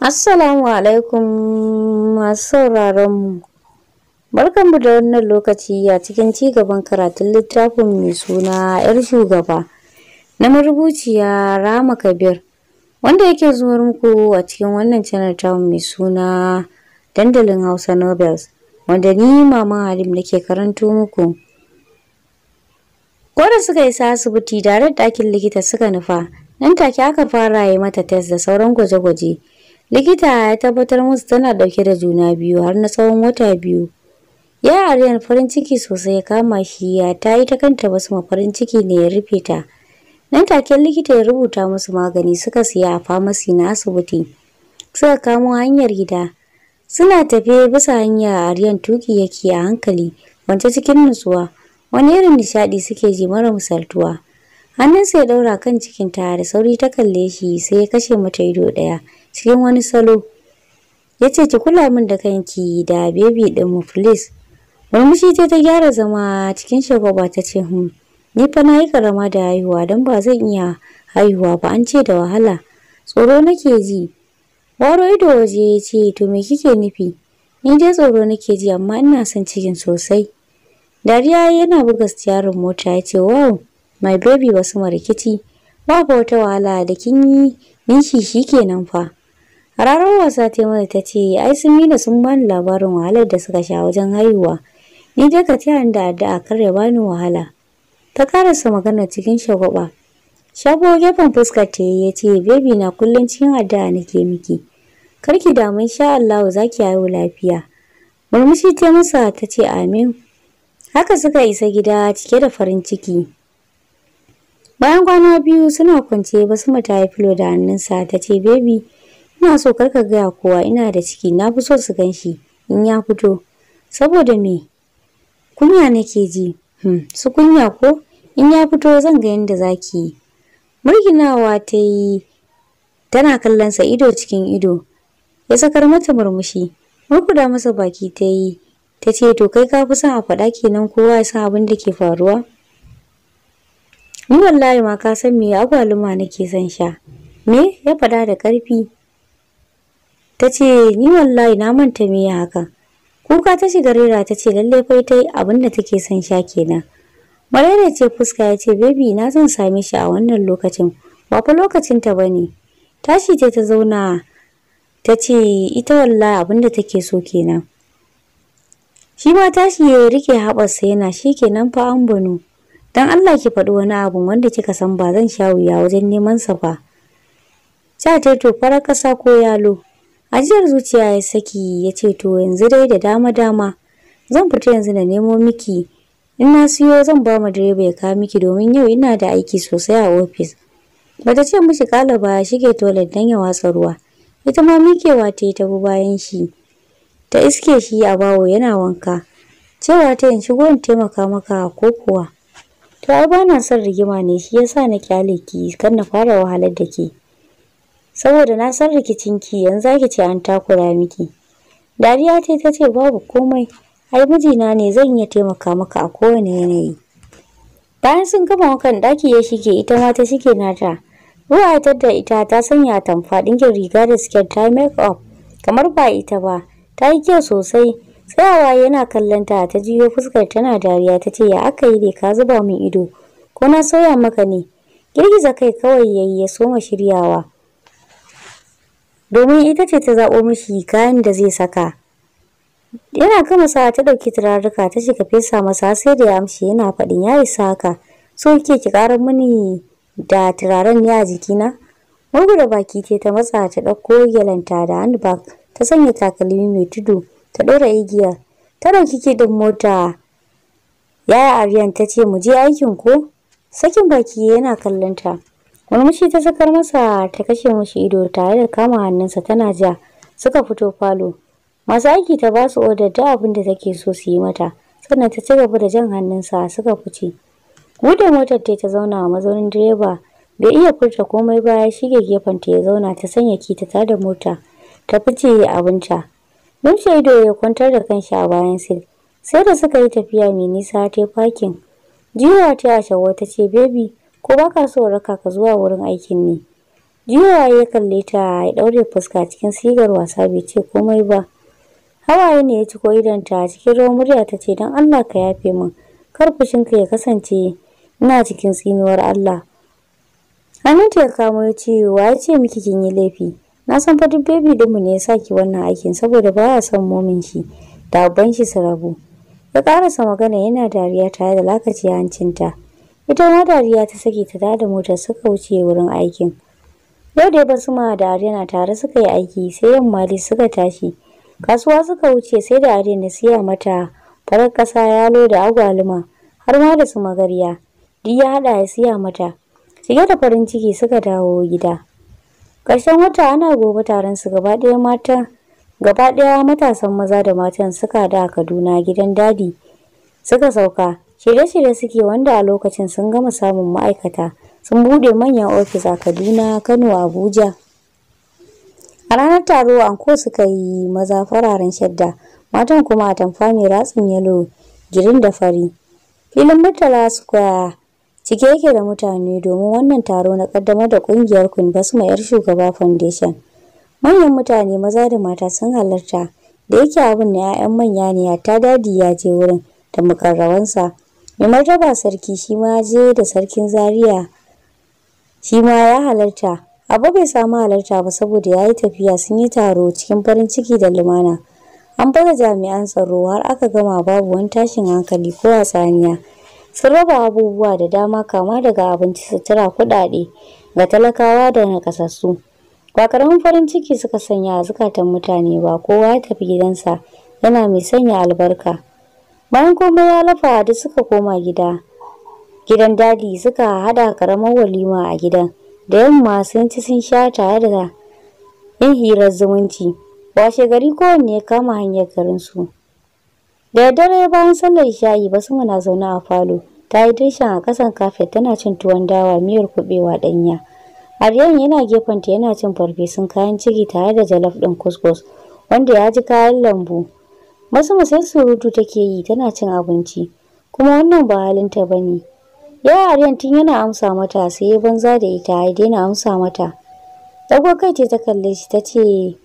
Assalamu alaikum masu sauraron mu. Barkanmu da wannan lokaci a cikin ci gaban karatun littafin mai suna 'yar shugaba na marubuciya Rama Kabir wanda yake zuwa muku a cikin wannan channel mai suna dandalin Hausa Nobels wanda ni Mama Halim nake karanto muku. Koda suka isa asibiti da ɗakin likita suka nufa nan take aka fara yi mata test da sauran gwaje-gwaje. Likita ya tabbatar musu tana dauke da juna biyu har na tsawon wata biyu. Ya ariyan farin ciki sosai ya kama shi ya ta yi ta kanta basu ma farin ciki ne ya rufe ta. Nan take likita ya rubuta musu magani suka siya a famasi na asibiti. Suka kamo hanyar gida. Suna tafe bisa hanya ariyan tuki yake a hankali, wance cikin nutsuwa. Wani irin nishaɗi suke ji mara misaltuwa. hannunsa ya ɗaura kan cikinta da sauri ta kalle shi sai ya kashe mata ido ɗaya cikin wani salo ya ce ki kula min da kanki da bebi mu, please murmushi ta ta gyara zama cikin ba ta ce hmm ni fa na yi karama da haihuwa don ba zan iya haihuwa ba an ce da wahala tsoro nake ji waro ido waje ya ce to me kike nufi ni dai tsoro nake ji amma ina son cikin sosai dariya yana buga stiyarin mota ya ce wow my baby wasu rikici babu wata wahala da kin yi ke shikenan fa rarar wasa ta mana ta ce ai sun da sun bani labarin wahalar da suka sha wajen haihuwa ni dai ka tiyan da addu'a kar ya bani wahala ta karasa magana cikin shagwaba shago gefen fuskar ta ya ce baby na kullum cikin addu'a nake miki karki ki damu insha Allah za ki haihu lafiya murmushi ta masa ta ce amin haka suka isa gida cike da farin ciki Bayan kwana biyu suna kwance basu mata yi filo da hannunsa ta ce bebi, ina so kar ka gaya kowa ina da ciki na fi so su gan shi in ya fito saboda me kunya nake ji hmm. su kunya ko in ya fito zan ga yadda za ki yi murginawa ta yi tana kallon sa ido cikin ido ya sakar mata murmushi murkuda masa baki ta yi ta ce to kai ka fi son a faɗa kenan kowa ya san abin da ke faruwa Ni wallahi ma ka san me agwaluma nake son sha. Me ya fada da karfi Ta ce ni wallahi na manta me ya haka. Kuka ta shiga rera ta ce lalle fa ita abin da take son sha kenan. Marere ce fuska ya ce baby na zan same shi a wannan lokacin. Ba fa lokacin ta bane. Tashi ce ta zauna tace ita wallahi abin da take so kenan. Shi ma tashi ya rike haɓarsa yana shi kenan fa an bano. Dan Allah ki faɗi wani abun wanda kika san ba zan sha wuya wajen neman sa ba. cha ta to farar kasa ko yalo. Ajiyar zuciya ya saki ya ce to yanzu dai da dama dama zan fita yanzu na nemo miki in na siyo zan ba mu direba ya kawo miki domin yau ina da aiki sosai a ofis. Bata ce mishi kala ba shige toilet dan ya watsa ruwa. Ita ma mikewa ta yi ta bayan shi. Ta iske shi a bawo yana wanka. Cewa ta yin shigo in taimaka maka ko kuwa. To ai bana son rigima ne shi yasa na kyale ki kan na fara wahalar da ke. Saboda na san rikicin ki yanzu zaki ce an takura miki. Dariya ce ta ce babu komai. Ai mijina ne zan iya taimaka maka a kowane yanayi. Bayan sun gama wankan daki ya shige ita ma ta shige nata. Ruwa ta da ita ta sanya tamfa dingin riga da siket ta make up kamar ba ita ba. Ta yi kyau sosai. Tsayawa yana kallon ta ta jiyo fuskar tana dariya ta ce ya aka yi ka zuba min ido ko na soya maka ne. Girgiza kai kawai yayi ya soma shiryawa. Domin ita ce ta zaɓo mishi kayan da zai saka. Yana gama sa ta ɗauki turaruka ta shiga fesa masa sai da ya amshi yana faɗin ya isa haka. So kike ki ƙara mini da turaren ne a jikina? da baki ce ta matsa ta ɗauko gyalanta da handbag ta sanya takalmi mai tudu ta ɗora igiyar ta ɗauki kiɗin mota yaya aryan ta ce mu je aikin ko sakin baki yana kallon ta murmushi ta sakar masa ta kashe mushi ido tare da kama hannunsa tana ja suka fito falo masu aiki ta ba su odar da abin da take so su yi mata sannan ta ci gaba da jan hannunsa suka fice buɗe motar ta zauna a mazaunin direba bai iya furta komai ba ya shige gefen ta ya zauna ta sanya kita ta da mota ta fice abinta Lumshe ido ya kwantar da kanshi a bayan sil. Sai da suka yi tafiya mai nisa ta fakin. Jiwa ta Ashawa ta ce, "Baby, ko ba ka so raka ka zuwa wurin aikin ne?" Jiwa ya kalle ta ya ɗaure fuska cikin sigar wasa bai ce komai ba. Hawaye ne ya ci ko ciko idonta cikin ruwan murya ta ce, "Don Allah ka yafe min, kar fushinka ya kasance ina cikin tsinuwar Allah." Hannunta ya kamo ya ce, "Wa ya ce miki kin yi laifi?" na san fa duk baby dinmu ne ya saki wannan aikin saboda baya son momin shi da abban shi su rabu ya karasa magana yana dariya tare da lakaci hancinta ita ma dariya ta saki ta dada motar suka wuce wurin aikin yau da bar su ma da arena tare suka yi aiki sai yamma dai suka tashi kasuwa suka wuce sai da arena siya mata farar kasa yalo da agwaluma har ma da su magarya duk ya haɗa ya siya mata cike da farin ciki suka dawo gida Ƙarshen wata ana gobe taron su gaba ɗaya mata gaba ɗaya matasan maza da matan suka da Kaduna gidan dadi suka sauka shirye-shirye suke wanda a lokacin sun gama samun ma'aikata sun bude manyan ofis a Kaduna, Kano, Abuja. A ranar taro anko suka yi maza fararen shadda, matan kuma a tamfa mai ratsin yalo, girin da fari. Filin Murtala Square Cike yake da mutane domin wannan taro na kaddamar da kungiyar Queen Basma yar shugaba Foundation. Manyan mutane maza da mata sun halarta da yake abin na 'ya'yan manya ne ya ta dadi ya je wurin da mukarrawansa. Mai martaba sarki shi ma je da sarkin Zaria shi ma ya halarta. Abu bai samu halarta ba saboda ya yi tafiya sun yi taro cikin farin ciki da lumana. An baza jami'an tsaro har aka gama babu wani tashin hankali ko hatsaniya. sun raba abubuwa da dama kama daga abinci sutura kuɗaɗe ga talakawa da nakasassu ba karamin farin ciki suka sanya a zukatan mutane ba kowa ya tafi gidansa yana mai sanya albarka bayan komai ya lafa da suka koma gida gidan dadi suka hada karamar walima a gidan da yamma sun ci sun sha tare da yin hirar zumunci washe gari kowanne ya kama hanyar garinsu Da dare bayan sallar shayi sama na zaune a falo, ta yi dirshan a ƙasan kafet tana cin tuwon dawa miyar kuɓewa danya Aryan yana gefen ta yana cin farfesun kayan ciki tare da jalaf ɗin kuskus wanda ya ji kayan lambu. masu sai surutu take yi tana cin abinci, kuma wannan ba halinta ba ne. Ya Aryan tun yana amsa mata sai ya banza da ita ya daina amsa mata. Dago kai ce ta kalle shi ta ce,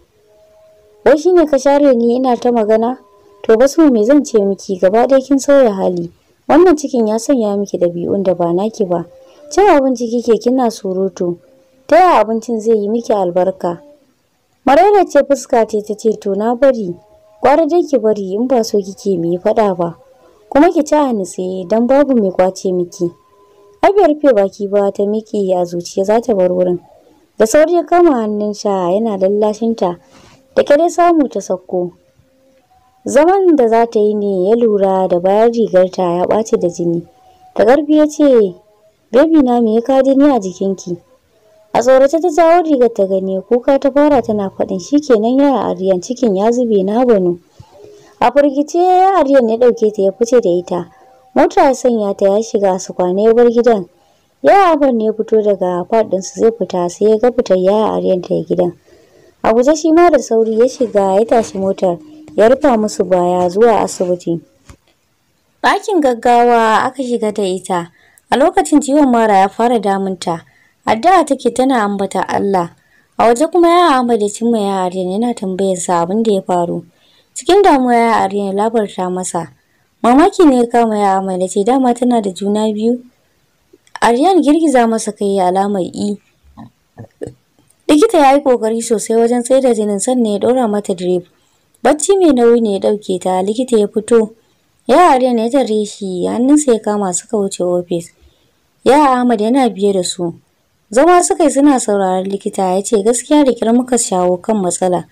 Wai shine ka share ni ina ta magana? To ba su me zan ce miki gaba ɗaya kin sauya hali. Wannan cikin ya sanya miki ɗabi'un da ba naki ba. Cin abinci kike kina surutu. Ta yaya abincin zai yi miki albarka? Maraira ce fuska ce ta ce to na bari. Gwara dai ki bari in ba so kike mu yi faɗa ba. Kuma ki ci a nutse don babu mai kwace miki. Abiyar rufe baki ba ta miki a zuciya za ta bar wurin. Da sauri ya kama hannun sha yana lallashinta. Da kyar samu ta sauko. zaman da za ta yi ne ya lura da bayan rigarta ya ɓace da jini Ta ƙarfi ya ce bebi na me ya ka jini a jikinki a tsorace ta jawo rigar ta gani kuka ta fara tana faɗin Shi shikenan yara aryan cikin ya zube na gano a firgice ya aryan ya ɗauke ta ya fice da ita mota ya sanya ta ya shiga su kwana ya bar gidan yaya abin ne ya fito daga su zai fita sai ya ga fitar yaya aryan ta ya gidan a guje shi ma da sauri ya shiga ya tashi motar ya rufa musu baya zuwa asibiti. Ɗakin gaggawa aka shiga da ita. A lokacin ciwon mara ya fara damunta. Addu'a take tana ambata Allah. A waje kuma ya ambaci cimma ya Aryan yana tambayar sa abin da ya faru. Cikin damuwa ya Aryan labarta masa. Mamaki ne ya kama ya da ce dama tana da juna biyu. Aryan girgiza masa kai ya alamar i. Likita ya yi ƙoƙari sosai wajen tsaida jinin sannan ya ɗora mata drip. Bacci mai nauyi ne ya ɗauke ta, likita ya fito. Ya na ya tare shi, hannunsa ya kama suka wuce ofis. Ya Ahmad yana biye da su. Zama suka yi suna sauraron likita ya ce gaskiya da kyar muka shawo kan matsala.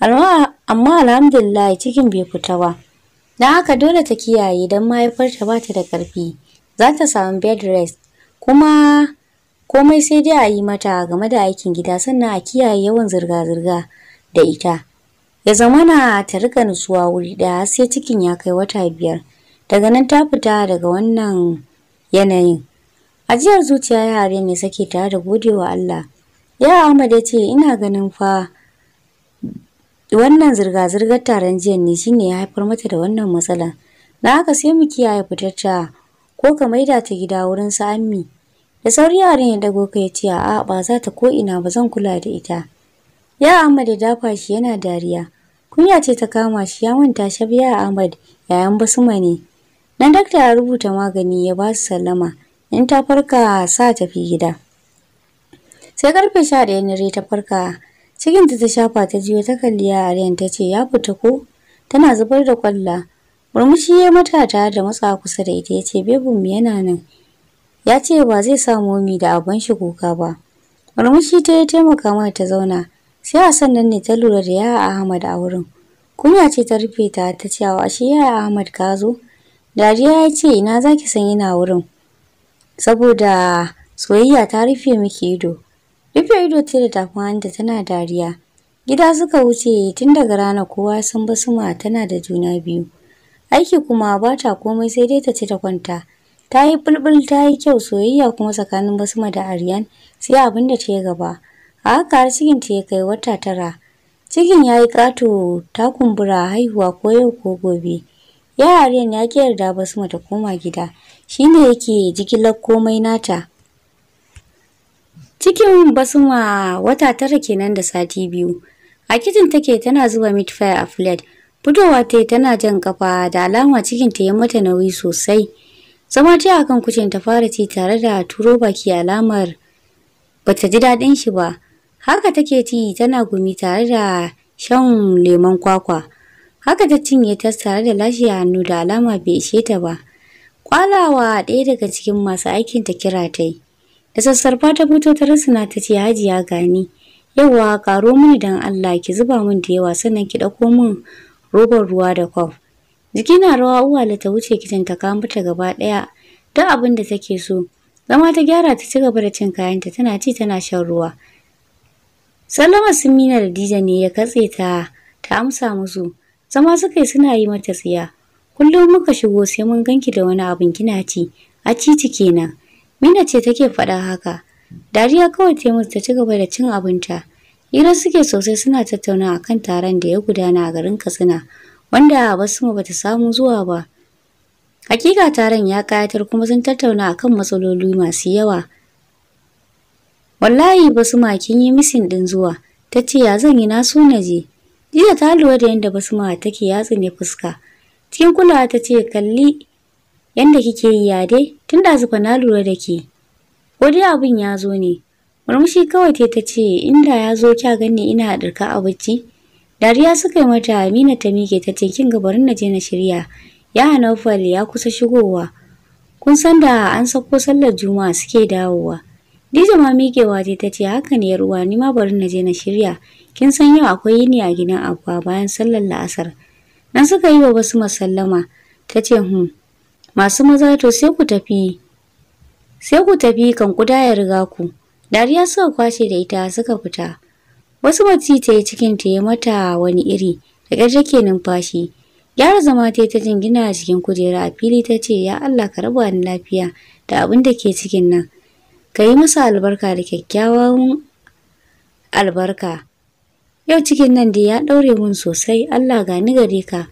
Amma alhamdulillah cikin bai fita ba. Na haka dole ta kiyaye don mahaifarta ba ta da ƙarfi. Za ta samu bed rest. Kuma komai sai dai a yi mata game da aikin gida sannan a kiyaye yawan zirga-zirga da ita. ya zamana ta rika nutsuwa wuri ɗaya sai cikin ya kai wata biyar daga nan ta fita daga wannan yanayin ajiyar zuciya ya mai sake tare da godewa Allah ya Ahmad ya ce ina ganin fa wannan zirga-zirgar taron jiya ne shine ya haifar mata da wannan matsalar na haka sai mu kiyaye fitacca ko ka maida ta gida wurin su ammi da sauri yaran ya dago kai ce a ba za ta ko ina ba zan kula da ita ya Ahmad ya dafa shi yana dariya Kunya ce ta kama shi ya manta shi Shabiya Ahmad yayan Basuma ne. Dan dakta ya rubuta magani ya ba su sallama in ta farka sa tafi gida. Sai karfe sha ɗaya na ta farka cikin ta shafa ta jiyo ta kalli ya aryan ta ce ya fita ko tana zubar da kwalla. Murmushi ya mata tare da matsa kusa da ita ya ce mu yana nan. Ya ce ba zai sa mi da abin shi kuka ba. Murmushi ta ya taimaka mata ta zauna. sai a sannan ne ta lura da yaya ahmad a wurin kunya ce ta rufe ta ta cewa ashe yaya ahmad ka zo dariya ya ce ina za ki san yana wurin saboda soyayya ta rufe miki ido rufe ido ce da tafi hanta tana dariya gida suka wuce tun daga rana kowa sun basuma suma tana da juna biyu aiki kuma ba ta komai sai dai ta ci ta kwanta ta yi bulbul ta yi kyau soyayya kuma tsakanin basma da aryan sai abin da ta yi gaba a haka har cikinta ya kai wata tara cikin ya yi ƙato ta kumbura haihuwa ko yau ko gobe yaren ya ƙi yarda ba basma ta koma gida Shi shine yake jigilar komai nata cikin basuma wata tara kenan da sati biyu a kitin take tana zuba meat a flat fitowa ta tana jan kafa da alama cikin ta ya mata nauyi sosai zama ta akan kucin ta fara ci tare da turo baki alamar bata ji daɗin shi ba Haka take ci tana gumi tare da shan lemon kwakwa. Haka ta cinye ta tare da lashe hannu da alama bai ishe ta ba. Kwalawa ɗaya daga cikin masu aikin ta kira ta yi. Da sassarfa ta fito ta rusuna ta ce hajiya gani. Yawwa karo mini don Allah ki zuba min da yawa sannan ki ɗauko min robar ruwa da kwaf. Jiki na rawa uwala ta wuce kicin ta kawo mata gaba ɗaya duk abin da take so. Zama ta gyara ta ci gaba da cin kayanta tana ci tana shan ruwa. Sallama Simina da Dija ne ya katse ta ta amsa musu. Zama suka yi suna yi mata tsiya. Kullum muka shigo sai mun ganki da wani abin kina ci, a cici kenan. Mina ce take faɗa haka. Dariya kawai ta musu ta ci gaba da cin abinta. Hira suke sosai suna tattauna akan taron da ya gudana a garin Katsina, wanda Basma bata samu zuwa ba. Hakika taron ya kayatar kuma sun tattauna akan matsaloli masu yawa Wallahi basuma kin yi misin ɗin zuwa. Ta ce ya zan yi na so na je. Jiya ta lura da yadda Basma take yatsa ne fuska. Cikin kulawa ta ce kalli Yanda kike yi ya dai tun da zufa na lura da ke. Ko dai abin ya zo ne. Murmushi kawai te ta ce inda ya zo kya ganni ina haɗarka a bacci. Dariya suka yi mata Amina ta mike ta ce kin ga bari na je na shirya. Ya Hanaufal ya kusa shigowa. Kun san da an sako sallar Juma'a suke dawowa. Dijo ma mike waje ta ce haka ne ruwa ni ma bari na je na shirya. Kin san yau akwai yini a gidan abuwa bayan sallar la'asar. na suka yi wa wasu masallama ta ce hun hmm, masu maza to sai ku tafi sai ku tafi kan kuda ya riga ku. Dariya suka kwashe da ita suka fita. Wasu mace ta yi cikin ta yi mata wani iri da ƙyar take numfashi. Gyara zama ta ta jingina a cikin kujera a fili ta ce ya Allah ka raba ni lafiya da abin da ke cikin nan. ka yi masa albarka da kyakkyawan albarka yau cikin nan da ya ɗaure mun sosai Allah gani gare ka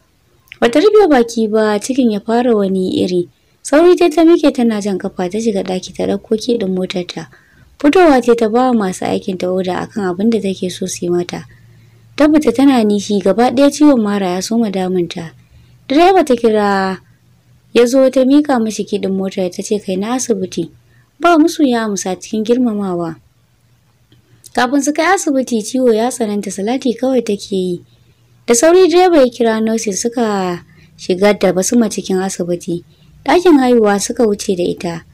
bata rufe baki ba cikin ya fara wani iri sauri ta ta mike tana jan kafa ta shiga ɗaki ta ɗauko kiɗin motarta fitowa ce ta ba masu aikin ta oda akan abin da take so su yi mata tabbata tana nishi gaba ɗaya ciwon mara ya soma ta. direba ta kira ya zo ta mika mashi kiɗin motar ta ce kai na asibiti ba musu ya amsa cikin girmamawa kafin su kai asibiti ciwo ya tsananta salati kawai take yi da sauri direba ya kira nurse suka shiga da basuma cikin asibiti ɗakin haihuwa suka wuce da ita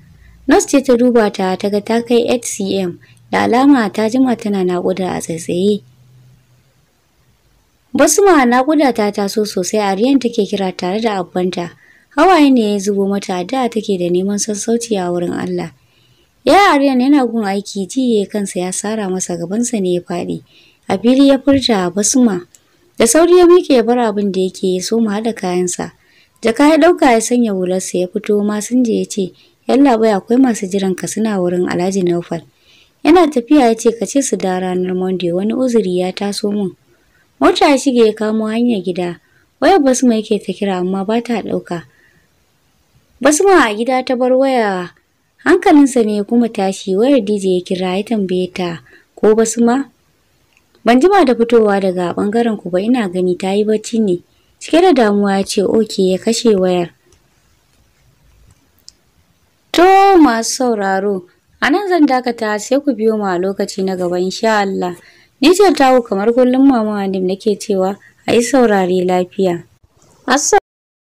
nurse ce ta duba ta ta ga ta kai hcm da alama ta jima tana naƙuda a tsaitsaye basuma naƙuda ta taso sosai riyan take kira tare da abbanta hawaye ne ya zubo mata da take da neman sassauci a wurin allah Ya Aryan yana gun aiki jiye kansa ya sara masa gabansa ne ya faɗi. A fili ya furta basuma. Da sauri ya miƙe ya bar abin da yake ya soma haɗa kayansa. Jaka ya ɗauka ya sanya hularsa ya fito je ya ce, Yalla bai akwai masu jiran ka suna wurin Alhaji Naufal. Yana tafiya ya ce ka ce su da ranar Monday wani uzuri ya taso mun. Mota ya shige ya kamo hanyar gida. waya Basma yake ta kira amma ba ta ɗauka. Basma a gida ta bar waya hankalinsa ne ya kuma tashi wayar DJ ya kira ya tambaye ta ko basu ma ban jima da fitowa daga bangaren ku ba ina gani ta yi bacci ne cike da damuwa ya ce oke ya kashe wayar to masu sauraro a nan zan dakata sai ku biyo ma lokaci na gaba insha Allah ni ce tawo kamar kullum mama Adim nake cewa a yi saurare lafiya